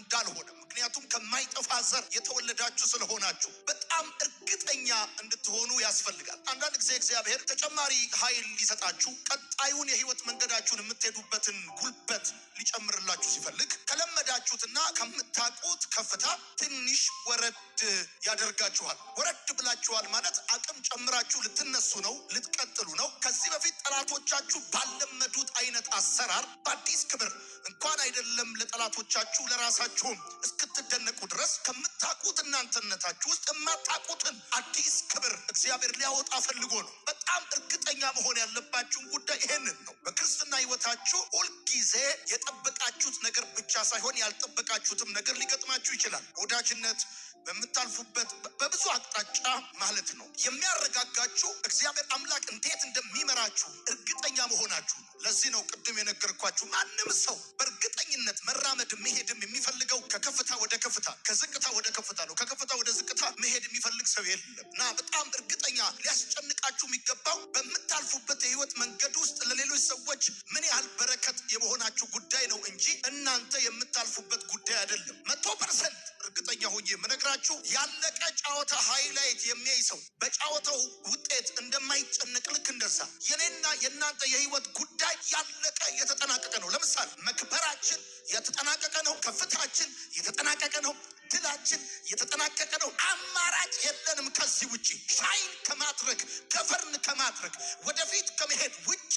እንዳልሆነ ምክንያቱም ከማይጠፋ ዘር የተወለዳችሁ ስለሆናችሁ በጣም እርግጠኛ እንድትሆኑ ያስፈልጋል። አንዳንድ ጊዜ እግዚአብሔር ተጨማሪ ኃይል ሊሰጣችሁ ቀጣዩን የህይወት መንገዳችሁን የምትሄዱበትን ጉልበት ሊጨምርላችሁ ሲፈልግ ከለመዳችሁትና ከምታውቁት ከፍታ ትንሽ ወረድ ያደርጋችኋል። ወረድ ብላችኋል ማለት አቅም ጨምራችሁ ልትነሱ ነው፣ ልትቀጥሉ ነው። ከዚህ በፊት ጠላቶቻችሁ ባለመዱት አይነት አሰራር በአዲስ ክብር እንኳን አይደለም ለጠላቶቻችሁ ለራሳ esikhathi 10 esik እስክትደነቁ ድረስ ከምታቁት እናንተነታችሁ ውስጥ የማታቁትን አዲስ ክብር እግዚአብሔር ሊያወጣ ፈልጎ ነው። በጣም እርግጠኛ መሆን ያለባችሁን ጉዳይ ይሄንን ነው። በክርስትና ህይወታችሁ ሁልጊዜ የጠበቃችሁት ነገር ብቻ ሳይሆን ያልጠበቃችሁትም ነገር ሊገጥማችሁ ይችላል። ወዳጅነት በምታልፉበት በብዙ አቅጣጫ ማለት ነው። የሚያረጋጋችሁ እግዚአብሔር አምላክ እንዴት እንደሚመራችሁ እርግጠኛ መሆናችሁ ነው። ለዚህ ነው ቅድም የነገርኳችሁ ማንም ሰው በእርግጠኝነት መራመድም መሄድም የሚፈልገው ከከፍ ከዝቅታ ወደ ከፍታ ነው። ከከፍታ ወደ ዝቅታ መሄድ የሚፈልግ ሰው የለም እና በጣም እርግጠኛ ሊያስጨንቃችሁ የሚገባው በምታልፉበት የህይወት መንገድ ውስጥ ለሌሎች ሰዎች ምን ያህል በረከት የመሆናችሁ ጉዳይ ነው እንጂ እናንተ የምታልፉበት ጉዳይ አይደለም። መቶ ፐርሰንት እርግጠኛ ሆኜ የምነግራችሁ ያለቀ ጫወታ ሃይላይት የሚያይ ሰው በጫወታው ውጤት እንደማይጨነቅ ልክ እንደዛ የኔና የእናንተ የህይወት ጉዳይ ያለቀ የተጠናቀቀ ነው። ለምሳሌ መክበራችን የተጠናቀቀ ነው። ከፍታችን የተጠናቀቀ ነው። ድላችን የተጠናቀቀ ነው። አማራጭ የለንም። ከዚህ ውጭ ሻይን ከማድረግ ከፈርን ከማድረግ ወደፊት ከመሄድ ውጭ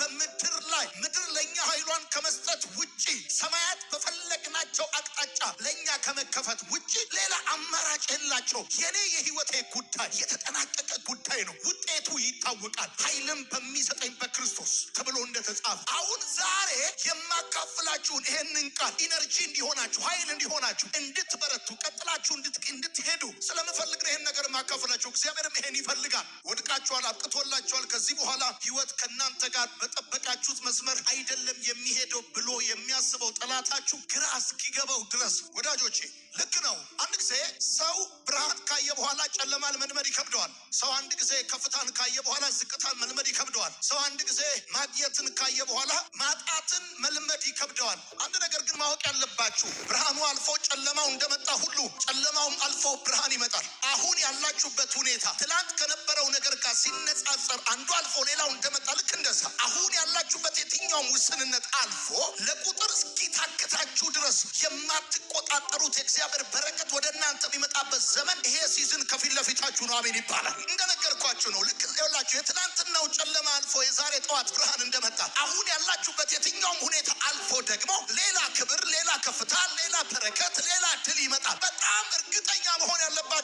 በምድር ላይ ምድር ለእኛ ኃይሏን ከመስጠት ውጪ ሰማያት በፈለግናቸው አቅጣጫ ለእኛ ከመከፈት ውጪ ሌላ አማራጭ የላቸው። የኔ የህይወቴ ጉዳይ የተጠናቀቀ ጉዳይ ነው። ውጤቱ ይታወቃል፣ ኃይልም በሚሰጠኝ በክርስቶስ ተብሎ እንደተጻፈ አሁን ዛሬ የማካፍላችሁን ይሄንን ቃል ኢነርጂ እንዲሆናችሁ ኃይል እንዲሆናችሁ እንድትበረቱ ቀጥላችሁ እንድትሄዱ ስለምፈልግ ነው ነገር የማካፍላችሁ። እግዚአብሔርም ይሄን ይፈልጋል። ወድቃችኋል፣ አብቅቶላችኋል። ከዚህ በኋላ ህይወት ከእናንተ ጋር በጠበቃችሁት መስመር አይደለም የሚሄደው ብሎ የሚያስበው ጠላታችሁ ግራ እስኪገባው ድረስ ወዳጆቼ ልክ ነው። አንድ ጊዜ ሰው ብርሃን ካየ በኋላ ጨለማን መልመድ ይከብደዋል። ሰው አንድ ጊዜ ከፍታን ካየ በኋላ ዝቅታን መልመድ ይከብደዋል። ሰው አንድ ጊዜ ማግኘትን ካየ በኋላ ማጣትን መልመድ ይከብደዋል። አንድ ነገር ግን ማወቅ ያለባችሁ ብርሃኑ አልፎ ጨለማው እንደመጣ ሁሉ ጨለማውም አልፎ ብርሃን ይመጣል። አሁን ያላችሁበት ሁኔታ ትላንት ከነበረው ነገር ጋር ሲነጻጸር አንዱ አልፎ ሌላው እንደመጣ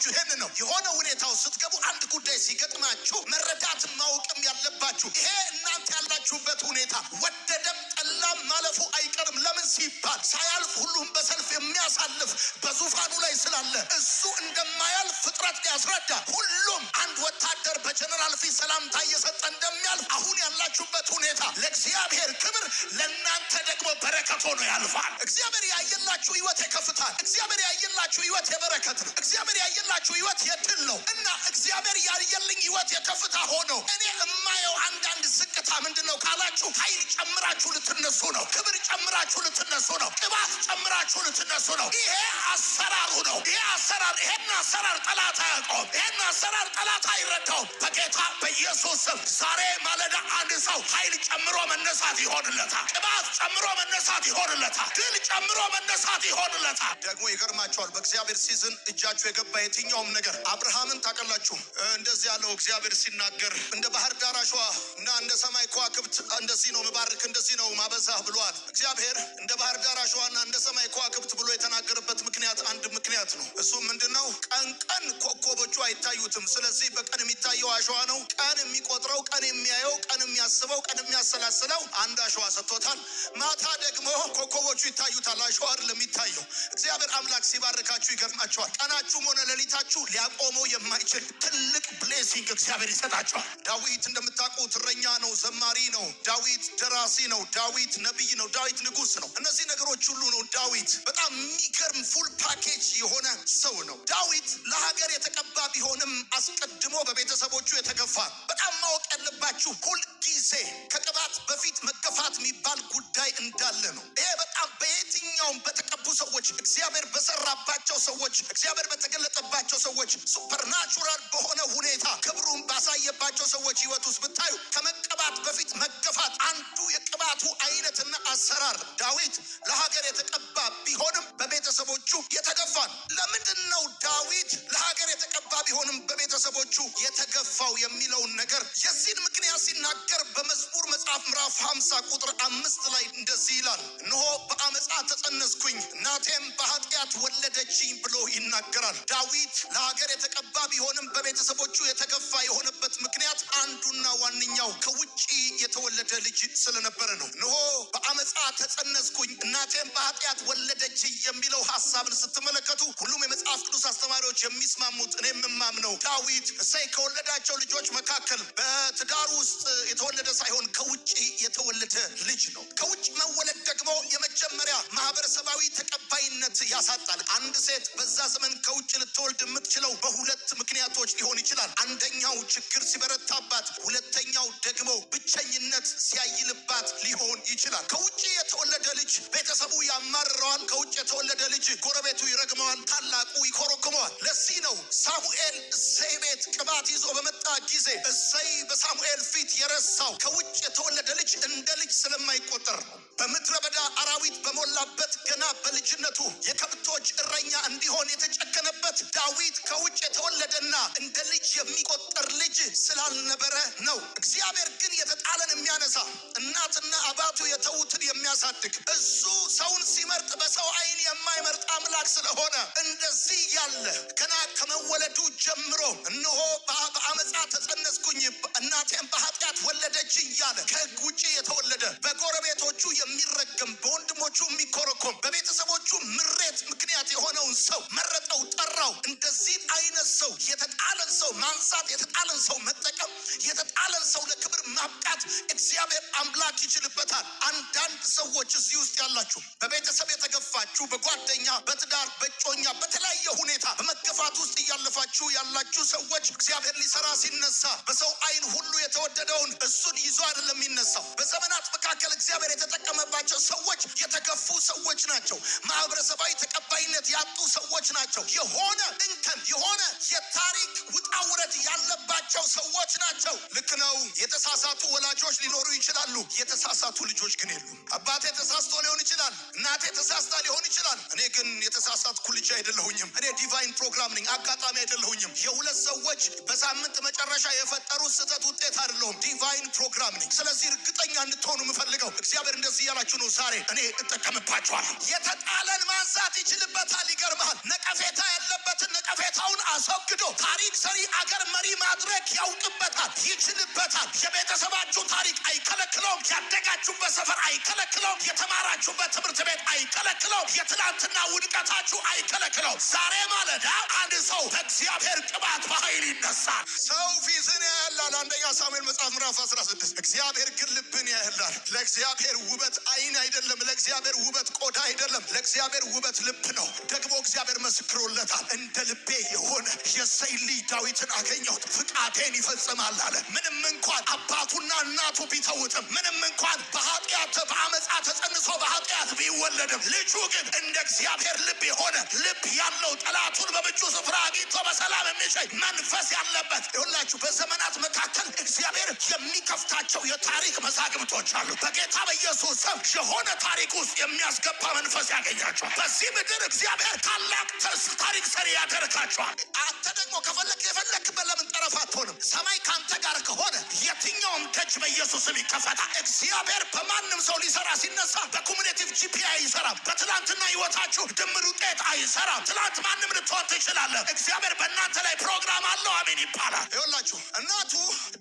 ያለባችሁ ይሄን ነው። የሆነ ሁኔታው ስትገቡ አንድ ጉዳይ ሲገጥማችሁ መረዳት ማወቅም ያለባችሁ ይሄ እናንተ ያላችሁበት ሁኔታ ወደደም ጠላም ማለፉ አይቀርም። ለምን ሲባል ሳያልፍ ሁሉም በሰልፍ የሚያሳልፍ በዙፋኑ ላይ ስላለ እሱ እንደማያልፍ ፍጥረት ሊያስረዳ ሁሉም አንድ ወታደር በጀነራል ፊት ሰላምታ እየሰጠ እንደሚያልፍ አሁን ያላችሁበት ሁኔታ ለእግዚአብሔር ክብር፣ ለእናንተ ደግሞ በረከት ሆኖ ያልፋል። እግዚአብሔር ያየላችሁ ህይወት የከፍት ያየላችሁ ህይወት የበረከት ነው። እግዚአብሔር ያየላችሁ ህይወት የድል ነው እና እግዚአብሔር ያየልኝ ህይወት የከፍታ ሆኖ እኔ እማየው አንዳንድ ደስታ ምንድን ነው ካላችሁ፣ ኃይል ጨምራችሁ ልትነሱ ነው። ክብር ጨምራችሁ ልትነሱ ነው። ቅባት ጨምራችሁ ልትነሱ ነው። ይሄ አሰራሩ ነው። ይሄ አሰራር ይሄን አሰራር ጠላት አያውቀውም። ይሄን አሰራር ጠላት አይረዳውም። በጌታ በኢየሱስ ስም ዛሬ ማለዳ አንድ ሰው ኃይል ጨምሮ መነሳት ይሆንለታል። ቅባት ጨምሮ መነሳት ይሆንለታል። ድል ጨምሮ መነሳት ይሆንለታል። ደግሞ ይገርማቸዋል። በእግዚአብሔር ሲዝን እጃችሁ የገባ የትኛውም ነገር አብርሃምን ታቀላችሁ እንደዚህ ያለው እግዚአብሔር ሲናገር እንደ ባህር ዳር አሸዋ እና እንደ ሰማይ የሰማይ ከዋክብት እንደዚህ ነው ምባርክ እንደዚህ ነው ማበዛህ ብሏል። እግዚአብሔር እንደ ባህር ዳር አሸዋና እንደ ሰማይ ከዋክብት ብሎ የተናገረበት ምክንያት አንድ ምክንያት ነው። እሱም ምንድን ነው? ቀን ቀን ኮከቦቹ አይታዩትም። ስለዚህ በቀን የሚታየው አሸዋ ነው። ቀን የሚቆጥረው፣ ቀን የሚያየው፣ ቀን የሚያስበው፣ ቀን የሚያሰላስለው አንድ አሸዋ ሰጥቶታል። ማታ ደግሞ ኮከቦቹ ይታዩታል። አሸዋ አይደለም የሚታየው። እግዚአብሔር አምላክ ሲባርካችሁ ይገርማቸዋል። ቀናችሁም ሆነ ሌሊታችሁ ሊያቆመው የማይችል ትልቅ ብሌሲንግ እግዚአብሔር ይሰጣቸዋል። ዳዊት እንደምታውቁት እረኛ ነው። ዘማሪ ነው። ዳዊት ደራሲ ነው። ዳዊት ነቢይ ነው። ዳዊት ንጉስ ነው። እነዚህ ነገሮች ሁሉ ነው ዳዊት። በጣም የሚገርም ፉል ፓኬጅ የሆነ ሰው ነው ዳዊት። ለሀገር የተቀባ ቢሆንም አስቀድሞ በቤተሰቦቹ የተገፋ በጣም ማወቅ ያለባችሁ ጊዜ ከቅባት በፊት መገፋት የሚባል ጉዳይ እንዳለ ነው። ይሄ በጣም በየትኛውም በተቀቡ ሰዎች፣ እግዚአብሔር በሰራባቸው ሰዎች፣ እግዚአብሔር በተገለጠባቸው ሰዎች፣ ሱፐርናቹራል በሆነ ሁኔታ ክብሩን ባሳየባቸው ሰዎች ህይወት ውስጥ ብታዩ ከመቀባት በፊት መገፋት አንዱ የቅባቱ አይነትና አሰራር ዳዊት ለሀገር የተቀባ ቢሆንም በቤተሰቦቹ የተገፋ ለምንድን ነው ዳዊት ለሀገር የተቀባ ቢሆንም በቤተሰቦቹ የተገፋው የሚለውን ነገር የዚህን ምክንያት ሲናገር በመዝሙር መጽሐፍ ምዕራፍ ሀምሳ ቁጥር አምስት ላይ እንደዚህ ይላል፣ እነሆ በአመፃ ተጸነስኩኝ እናቴም በኃጢአት ወለደችኝ ብሎ ይናገራል። ዳዊት ለሀገር የተቀባ ቢሆንም በቤተሰቦቹ የተገፋ የሆነበት ምክንያት አንዱና ዋነኛው ከውጭ የተወለደ ልጅ ስለነበረ ነው። እንሆ በአመፃ ተጸነስኩኝ እናቴም በኃጢአት ወለደች የሚለው ሀሳብን ስትመለከቱ ሁሉም የመጽሐፍ ቅዱስ አስተማሪዎች የሚስማሙት እኔ የምማም ነው። ዳዊት እሰይ ከወለዳቸው ልጆች መካከል በትዳሩ ውስጥ የተወለደ ሳይሆን ከውጭ የተወለደ ልጅ ነው። ከውጭ መወለድ ደግሞ የመጀመሪያ ማህበረሰባዊ ተቀባይነት ያሳጣል። አንድ ሴት በዛ ዘመን ከውጭ ልትወልድ የምትችለው በሁለት ምክንያቶች ሊሆን ይችላል። አንደኛው ችግር ሲበረታባት፣ ሁለተኛው ደግሞ ብቸኝነት ሲያይልባት ሊሆን ይችላል። ከውጭ የተወለደ ልጅ ቤተሰቡ ያማርረዋል። ከውጭ የተወለደ ልጅ ጎረቤቱ ይረግመዋል፣ ታላቁ ይኮረኩመዋል። ለዚህ ነው ሳሙኤል እሰይ ቤት ቅባት ይዞ በመጣ ጊዜ እሰይ በሳሙኤል ፊት የረሳው ከውጭ የተወለደ ልጅ እንደ ልጅ ስለማይቆጠር ነው። በምድረ በዳ አራዊት በሞላበት ገና በልጅነቱ የከብቶች እረኛ እንዲሆን የተጨከነበት ዳዊት ከውጭ የተወለደና እንደ ልጅ የሚቆጠር ልጅ ስላልነበረ ነው። እግዚአብሔር ግን የተጣለን የሚያነሳ እናትና አባቱ የተዉትን የሚያሳድግ እሱ ሰውን ሲመርጥ በሰው አይን የማይመርጥ አምላክ ስለሆነ እንደዚህ ያለ ገና ከመወለዱ ጀምሮ እንሆ በአመፃ ተጸነስኩኝ እናቴን በኃጢአት ወለደች እያለ ከህግ ውጭ የተወለደ በጎረቤቶቹ የሚረገም በወንድሞቹ የሚኮረኮም በቤተሰቦቹ ምሬት ምክንያት የሆነውን ሰው መረጠው፣ ጠራው። እንደዚህ አይነት ሰው የተጣለን ሰው ማንሳት፣ የተጣለን ሰው መጠቀም፣ የተጣለን ሰው ለክብር ማ ማብቃት እግዚአብሔር አምላክ ይችልበታል። አንዳንድ ሰዎች እዚህ ውስጥ ያላችሁ በቤተሰብ የተገፋችሁ፣ በጓደኛ በትዳር በጮኛ በተለያየ ሁኔታ በመገፋት ውስጥ እያለፋችሁ ያላችሁ ሰዎች እግዚአብሔር ሊሰራ ሲነሳ በሰው አይን ሁሉ የተወደደውን እሱን ይዞ አይደለም የሚነሳው። በዘመናት መካከል እግዚአብሔር የተጠቀመባቸው ሰዎች የተገፉ ሰዎች ናቸው። ማህበረሰባዊ ተቀባይነት ያጡ ሰዎች ናቸው። የሆነ እንከን የሆነ ልጆች ናቸው። ልክ ነው። የተሳሳቱ ወላጆች ሊኖሩ ይችላሉ። የተሳሳቱ ልጆች ግን የሉም። አባቴ ተሳስቶ ሊሆን ይችላል። እናቴ ተሳስታ ሊሆን ይችላል። እኔ ግን የተሳሳትኩ ልጅ አይደለሁኝም። እኔ ዲቫይን ፕሮግራም ነኝ። አጋጣሚ አይደለሁኝም። የሁለት ሰዎች በሳምንት መጨረሻ የፈጠሩት ስህተት ውጤት አይደለሁም። ዲቫይን ፕሮግራም ነኝ። ስለዚህ እርግጠኛ እንድትሆኑ የምፈልገው እግዚአብሔር እንደዚህ እያላችሁ ነው። ዛሬ እኔ እጠቀምባችኋለሁ። የተጣለን ማንሳት ይችልበታል። ይገርመሃል። ነቀፌታ ያለበትን ነቀፌታውን አስወግዶ ታሪክ ሰሪ አገር መሪ ማድረግ ያውቅበታል። ይችልበታል፣ ይችልበታል። የቤተሰባችሁ ታሪክ አይከለክለውም። ያደጋችሁበት ሰፈር አይከለክለውም። የተማራችሁበት ትምህርት ቤት አይከለክለውም። የትናንትና ውድቀታችሁ አይከለክለውም። ዛሬ ማለዳ አንድ ሰው በእግዚአብሔር ቅባት በኃይል ይነሳል። ሰው ፊትን ያህላል። አንደኛ ሳሙኤል መጽሐፍ ምዕራፍ 16 እግዚአብሔር ግን ልብን ያህላል። ለእግዚአብሔር ውበት አይን አይደለም። ለእግዚአብሔር ውበት ቆዳ አይደለም። ለእግዚአብሔር ውበት ልብ ነው። ደግሞ እግዚአብሔር መስክሮለታል። እንደ ልቤ የሆነ የሰይ ልጅ ዳዊትን አገኘሁት ፍቃዴን ይፈ ይፈጽማል አለ። ምንም እንኳን አባቱና እናቱ ቢተውትም፣ ምንም እንኳን በኃጢአት በአመፃ ተጸንሶ በኃጢአት ቢወለድም፣ ልጁ ግን እንደ እግዚአብሔር ልብ የሆነ ልብ ያለው ጠላቱን በምቹ ስፍራ አግኝቶ በሰላም የሚሸኝ መንፈስ ያለበት ይሁላችሁ። በዘመናት መካከል እግዚአብሔር የሚከፍታቸው የታሪክ መዛግብቶች አሉ። በጌታ በኢየሱስ ስም የሆነ ታሪክ ውስጥ የሚያስገባ መንፈስ ያገኛቸዋል። በዚህ ምድር እግዚአብሔር ታላቅ ታሪክ ሰሪ ያደርጋቸዋል። አንተ ደግሞ ከፈለግ የፈለ በኢየሱስ ስም ይከፈታል። እግዚአብሔር በማንም ሰው ሊሰራ ሲነሳ በኮሙኔቲቭ ጂፒ አይሰራም። በትናንትና ህይወታችሁ ድምር ውጤት አይሰራም። ትናንት ማንም ልትሆን ትችላለህ። እግዚአብሔር በእናንተ ላይ ፕሮግራም አለው። አሜን ይባላል። ይወላችሁ እናቱ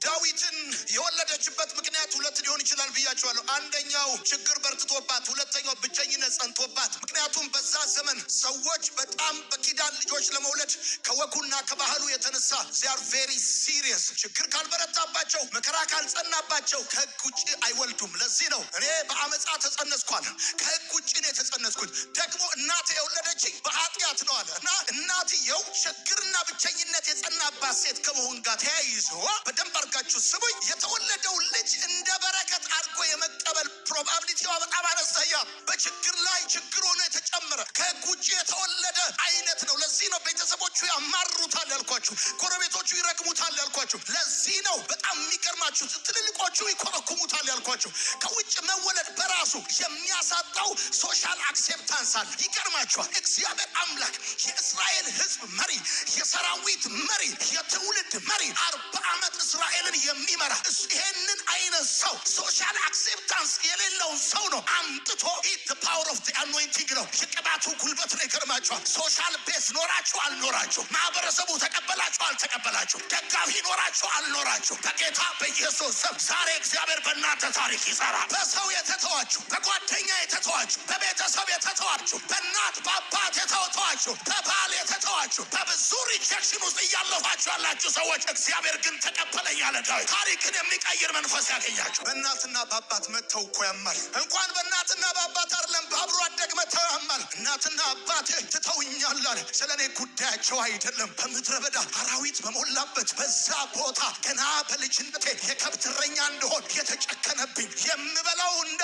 ዳዊትን የወለደችበት ምክንያት ሁለት ሊሆን ይችላል ብያቸዋለሁ። አንደኛው ችግር በርትቶባት፣ ሁለተኛው ብቸኝነት ጸንቶባት። ምክንያቱም በዛ ዘመን ሰዎች በጣም በኪዳን ልጆች ለመውለድ ከወጉና ከባህሉ የተነሳ ዚያር ቬሪ ሲሪየስ ችግር ካልበረታባቸው መከራ ካልጸና ሲበዛባቸው ከህግ ውጭ አይወልዱም። ለዚህ ነው እኔ በአመፃ ተጸነስኳል፣ ከህግ ውጭ ነው የተጸነስኩት። ደግሞ እናቴ የወለደችኝ በኃጢአት ነው አለ እና እናትየው ችግርና ብቸኝነት የጸናባት ሴት ከመሆን ጋር ተያይዞ በደንብ አርጋችሁ ስቡኝ። የተወለደው ልጅ እንደ በረከት አድርጎ የመቀበል ፕሮባብሊቲዋ በጣም አነስተኛ፣ በችግር ላይ ችግር ሆኖ የተጨመረ ከህግ ውጭ የተወለደ አይነት ነው። ለዚህ ነው ቤተሰቦቹ ያማሩታል ያልኳችሁ፣ ጎረቤቶቹ ይረግሙታል ያልኳችሁ። ለዚህ ነው በጣም የሚገርማችሁ ትልል ትልቆቹ ይኮረኩሙታል ያልኳቸው። ከውጭ መወለድ በራሱ የሚያሳጣው ሶሻል አክሴፕታንስ አለ። ይገርማቸዋል። እግዚአብሔር አምላክ የእስራኤል ህዝብ መሪ፣ የሰራዊት መሪ፣ የትውልድ መሪ አርባ ዓመት እስራኤልን የሚመራ ይሄንን አይነት ሰው ሶሻል አክሴፕታንስ የሌለውን ሰው ነው አምጥቶ ኢት ፓወር ኦፍ አኖይንቲንግ ነው የቅባቱ ጉልበት ነው። ይገርማቸዋል። ሶሻል ቤስ ኖራችሁ አልኖራቸው ማህበረሰቡ ተቀበላችሁ አልተቀበላችሁ፣ ደጋፊ ኖራችሁ አልኖራቸው በጌታ በኢየሱስ ስም ዛሬ እግዚአብሔር በእናንተ ታሪክ ይሰራል። በሰው የተተዋችሁ፣ በጓደኛ የተተዋችሁ፣ በቤተሰብ የተተዋችሁ፣ በእናት በአባት የተተዋችሁ፣ በባል የተተዋችሁ፣ በብዙ ሪጀክሽን ውስጥ እያለፋችሁ ያላችሁ ሰዎች እግዚአብሔር ግን ተቀበለኝ አለ ዳዊት። ታሪክን የሚቀይር መንፈስ ያገኛችሁ። በእናትና በአባት መተው እኮ ያማል። እንኳን በእናትና በአባት አይደለም በአብሮ አደግ መተው ያማል። እናትና አባት ትተውኛላል። ስለ እኔ ጉዳያቸው አይደለም። በምድረ በዳ አራዊት በሞላበት በዛ ቦታ ገና በልጅነቴ የከብት ደስተኛ እንደሆን የተጨከነብኝ የምበላው እንደ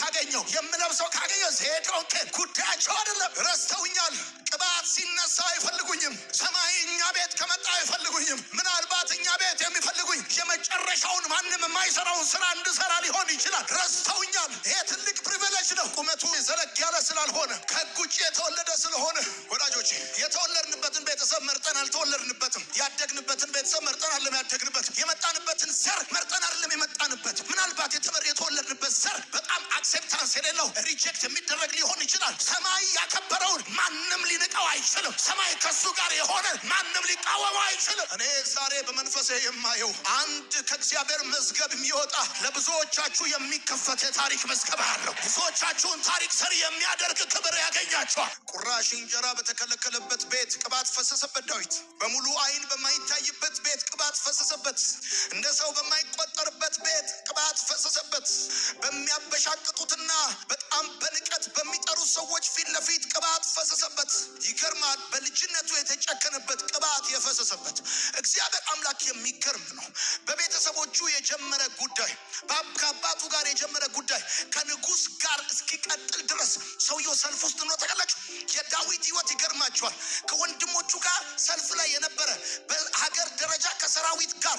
ካገኘው የምለብሰው ካገኘው ዜዶክን ጉዳያቸው አይደለም። ረስተውኛል። ቅባት ሲነሳ አይፈልጉኝም። ሰማይ እኛ ቤት ከመጣ አይፈልጉኝም። ምናልባት እኛ ቤት የሚፈልጉኝ የመጨረሻውን ማንም የማይሰራውን ስራ እንድሰራ ሊሆን ይችላል። ረስተውኛል። ይሄ ትልቅ ፕሪቪሌጅ ነው። ቁመቱ ዘለግ ያለ ስላልሆነ ከህግ ውጭ የተወለደ ስለሆነ ወዳጆች፣ የተወለድንበትን ቤተሰብ መርጠን አልተወለድንበትም። ያደግንበትን ቤተሰብ መርጠን አለም ያደግንበት የመጣንበትን ዘር መርጠን አለ አይደለም የመጣንበት። ምናልባት የተመር የተወለድንበት ዘር በጣም አክሴፕታንስ የሌለው ሪጀክት የሚደረግ ሊሆን ይችላል። ሰማይ ያከበረውን ማንም ሊንቀው አይችልም። ሰማይ ከሱ ጋር የሆነ ማንም ሊቃወመው አይችልም። እኔ ዛሬ በመንፈሴ የማየው አንድ ከእግዚአብሔር መዝገብ የሚወጣ ለብዙዎቻችሁ የሚከፈት የታሪክ መዝገብ አለው። ብዙዎቻችሁን ታሪክ ስር የሚያደርግ ክብር ያገኛቸዋል። ቁራሽ እንጀራ በተከለከለበት ቤት ቅባት ፈሰሰበት። ዳዊት በሙሉ አይን በማይታይበት ቤት ቅባት ፈሰሰበት። እንደ ሰው በማይቆጠር በፈሰሰበት ቤት ቅባት ፈሰሰበት። በሚያበሻቅጡትና በጣም በንቀት በሚጠሩ ሰዎች ፊት ለፊት ቅባት ፈሰሰበት። ይገርማል። በልጅነቱ የተጨከነበት ቅባት የፈሰሰበት እግዚአብሔር አምላክ የሚገርም ነው። በቤተሰቦቹ የጀመረ ጉዳይ፣ ከአባቱ ጋር የጀመረ ጉዳይ ከንጉስ ጋር እስኪቀጥል ድረስ ሰውየው ሰልፍ ውስጥ ነው። ተቀላችሁ። የዳዊት ህይወት ይገርማቸዋል። ከወንድሞቹ ጋር ሰልፍ ላይ የነበረ በሀገር ደረጃ ከሰራዊት ጋር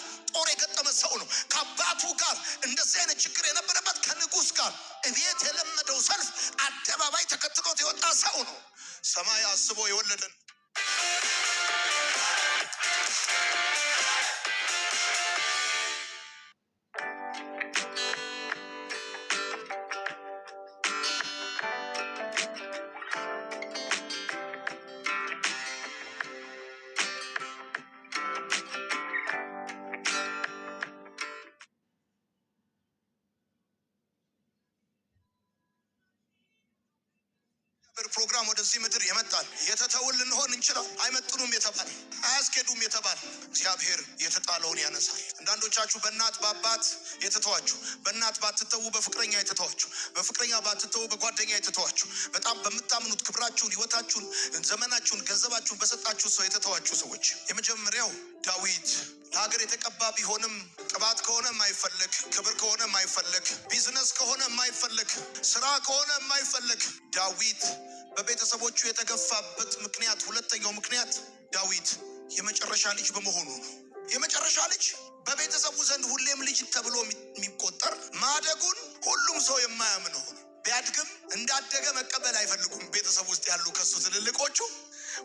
እኛም ወደዚህ ምድር የመጣል የተተውን ልንሆን እንችላል። አይመጥኑም የተባል አያስኬዱም የተባል እግዚአብሔር የተጣለውን ያነሳል። አንዳንዶቻችሁ በእናት በአባት የተተዋችሁ፣ በእናት ባትተዉ በፍቅረኛ የተተዋችሁ፣ በፍቅረኛ ባትተዉ በጓደኛ የተተዋችሁ፣ በጣም በምታምኑት ክብራችሁን፣ ህይወታችሁን፣ ዘመናችሁን፣ ገንዘባችሁን በሰጣችሁ ሰው የተተዋችሁ ሰዎች የመጀመሪያው ዳዊት ለሀገር የተቀባ ቢሆንም ቅባት ከሆነ የማይፈልግ ክብር ከሆነ የማይፈልግ ቢዝነስ ከሆነ የማይፈልግ ስራ ከሆነ የማይፈልግ ዳዊት በቤተሰቦቹ የተገፋበት ምክንያት ሁለተኛው ምክንያት ዳዊት የመጨረሻ ልጅ በመሆኑ ነው። የመጨረሻ ልጅ በቤተሰቡ ዘንድ ሁሌም ልጅ ተብሎ የሚቆጠር ማደጉን ሁሉም ሰው የማያምነው ቢያድግም እንዳደገ መቀበል አይፈልጉም። ቤተሰብ ውስጥ ያሉ ከሱ ትልልቆቹ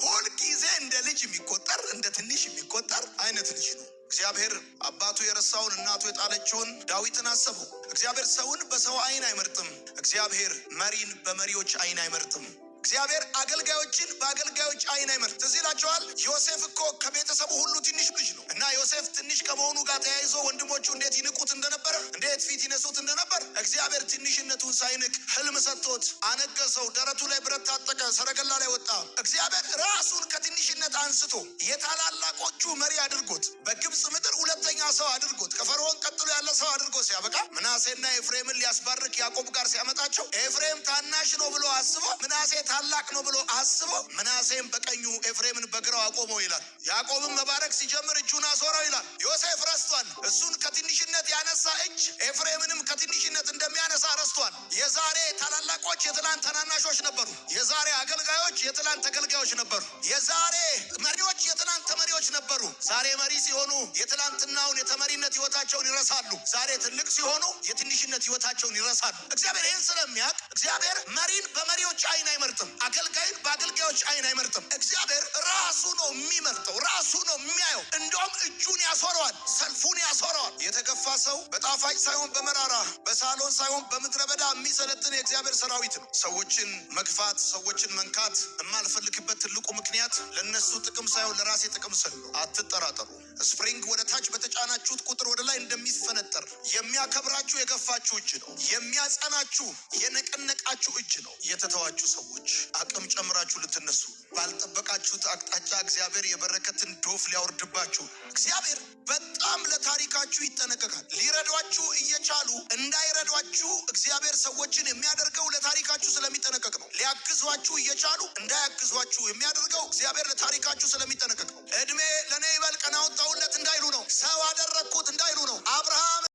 ሁልጊዜ እንደ ልጅ የሚቆጠር እንደ ትንሽ የሚቆጠር አይነት ልጅ ነው። እግዚአብሔር አባቱ የረሳውን እናቱ የጣለችውን ዳዊትን አሰቡ። እግዚአብሔር ሰውን በሰው አይን አይመርጥም። እግዚአብሔር መሪን በመሪዎች አይን አይመርጥም። እግዚአብሔር አገልጋዮችን በአገልጋዮች አይን አይመር ትዝ ይላቸዋል። ዮሴፍ እኮ ከቤተሰቡ ሁሉ ትንሽ ልጅ ነው እና ዮሴፍ ትንሽ ከመሆኑ ጋር ተያይዞ ወንድሞቹ እንዴት ይንቁት እንደነበረ፣ እንዴት ፊት ይነሱት እንደነበር እግዚአብሔር ትንሽነቱን ሳይንቅ ህልም ሰጥቶት አነገሰው። ደረቱ ላይ ብረት ታጠቀ፣ ሰረገላ ላይ ወጣ። እግዚአብሔር ራሱን ከትንሽነት አንስቶ የታላላቆቹ መሪ አድርጎት በግብፅ ምድር ሁለተኛ ሰው አድርጎት ከፈርዖን ሲያበቃ ምናሴና ኤፍሬምን ሊያስባርክ ያዕቆብ ጋር ሲያመጣቸው ኤፍሬም ታናሽ ነው ብሎ አስቦ ምናሴ ታላቅ ነው ብሎ አስቦ ምናሴም በቀኙ ኤፍሬምን በግራው አቆመው ይላል። ያዕቆብን መባረክ ሲጀምር እጁን አዞረው ይላል። ዮሴፍ ረስቷል። እሱን ከትንሽነት ያነሳ እጅ ኤፍሬምንም ከትንሽነት እንደሚያነሳ ረስቷል። የዛሬ ታላላቆች የትላንት ታናናሾች ነበሩ። የዛሬ አገልጋዮች የትላንት ተገልጋዮች ነበሩ። የዛሬ መሪዎች የትላንት ተመሪዎች ነበሩ። ዛሬ መሪ ሲሆኑ የትላንትናውን የተመሪነት ህይወታቸውን ይረሳሉ። ዛሬ ትልቅ ሲሆኑ የትንሽነት ህይወታቸውን ይረሳሉ። እግዚአብሔር ይህን ስለሚያውቅ እግዚአብሔር መሪን በመሪዎች አይን አይመርጥም፣ አገልጋይን በአገልጋዮች አይን አይመርጥም። እግዚአብሔር ራሱ ነው የሚመርጠው፣ ራሱ ነው የሚያየው። እንደውም እጁን ያሶረዋል፣ ሰልፉን ያሶረዋል። የተገፋ ሰው በጣፋጭ ሳይሆን በመራራ በሳሎን ሳይሆን በምድረ በዳ የሚሰለጥን የእግዚአብሔር ሰራዊት ነው። ሰዎችን መግፋት፣ ሰዎችን መንካት የማልፈልግበት ትልቁ ምክንያት ለእነሱ ጥቅም ሳይሆን ለራሴ ጥቅም ስል ነው። አትጠራጠሩ። ስፕሪንግ ወደ ታች በተጫናችሁት ቁጥር ወደ ላይ እንደሚፈነጠር የሚያከብራችሁ የገፋችሁ እጅ ነው። የሚያጸናችሁ የነቀነቃችሁ እጅ ነው። የተተዋችሁ ሰዎች አቅም ጨምራችሁ ልትነሱ ባልጠበቃችሁት አቅጣጫ እግዚአብሔር የበረከትን ዶፍ ሊያወርድባችሁ እግዚአብሔር በጣም ለታሪካችሁ ይጠነቀቃል። ሊረዷችሁ እየቻሉ እንዳይረዷችሁ እግዚአብሔር ሰዎችን የሚያደርገው ለታሪካችሁ ስለሚጠነቀቅ ነው። ሊያግዟችሁ እየቻሉ እንዳያግዟችሁ የሚያደርገው እግዚአብሔር ለታሪካችሁ ስለሚጠነቀቅ ነው። እድሜ ለእኔ ይበልቀን እንዳይሉ ነው። ሰው አደረግኩት እንዳይሉ ነው። አብርሃም